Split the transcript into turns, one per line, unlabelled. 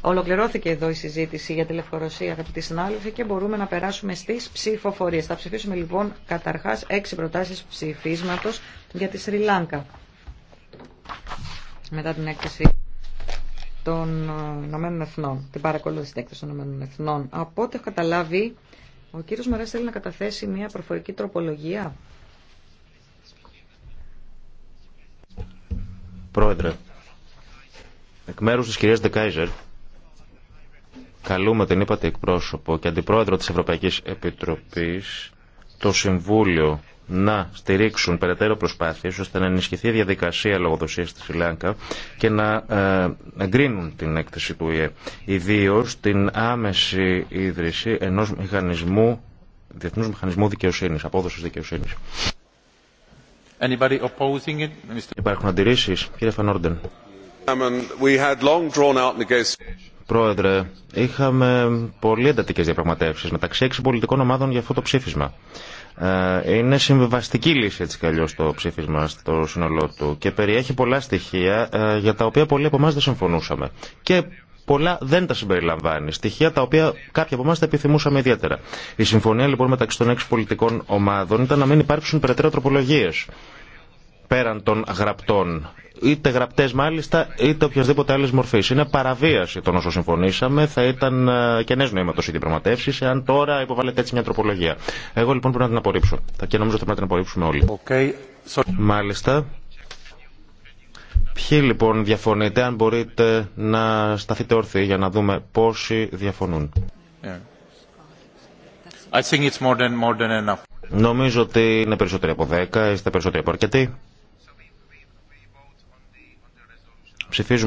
Ολοκληρώθηκε εδώ η συζήτηση για τη Λευκορωσία, αγαπητοί συνάδελφοι, και μπορούμε να περάσουμε στι ψηφοφορίε. Θα ψηφίσουμε λοιπόν καταρχά έξι προτάσει ψηφίσματο για τη Σρι Λάνκα. Μετά την έκθεση των ε, Ηνωμένων Εθνών, την παρακολούθηση της έκθεση των Ηνωμένων Εθνών. Από ό,τι έχω καταλάβει, ο κύριο Μαρέ θέλει να καταθέσει μια προφορική τροπολογία.
Πρόεδρε, Εκ μέρου τη κυρία Ντεκάιζερ, καλούμε την είπατε εκπρόσωπο και αντιπρόεδρο τη Ευρωπαϊκή Επιτροπή το Συμβούλιο να στηρίξουν περαιτέρω προσπάθειε ώστε να ενισχυθεί η διαδικασία λογοδοσία στη Σιλάνκα και να ε, εγκρίνουν την έκθεση του ΙΕ. Ιδίω την άμεση ίδρυση ενό μηχανισμού, διεθνού μηχανισμού δικαιοσύνη, απόδοση δικαιοσύνη. Υπάρχουν αντιρρήσει, κύριε Φανόρντεν. Πρόεδρε, είχαμε πολύ εντατικέ διαπραγματεύσει μεταξύ έξι πολιτικών ομάδων για αυτό το ψήφισμα. Ε, είναι συμβιβαστική λύση έτσι κι το ψήφισμα στο σύνολό του και περιέχει πολλά στοιχεία ε, για τα οποία πολλοί από εμά δεν συμφωνούσαμε. Και πολλά δεν τα συμπεριλαμβάνει. Στοιχεία τα οποία κάποιοι από εμά τα επιθυμούσαμε ιδιαίτερα. Η συμφωνία λοιπόν μεταξύ των έξι πολιτικών ομάδων ήταν να μην υπάρξουν περαιτέρω τροπολογίε πέραν των γραπτών είτε γραπτέ μάλιστα, είτε οποιασδήποτε άλλη μορφή. Είναι παραβίαση των όσων συμφωνήσαμε. Θα ήταν ε, κενέ νοήματο η διαπραγματεύσει, εάν τώρα υποβάλλεται έτσι μια τροπολογία. Εγώ λοιπόν πρέπει να την απορρίψω. Και νομίζω ότι πρέπει να την απορρίψουμε όλοι. Okay. Μάλιστα. Ποιοι λοιπόν διαφωνείτε, αν μπορείτε να σταθείτε όρθιοι για να δούμε πόσοι διαφωνούν. Yeah. than, than Νομίζω ότι είναι περισσότεροι από 10, είστε περισσότεροι από αρκετοί. Ψηφίζουμε.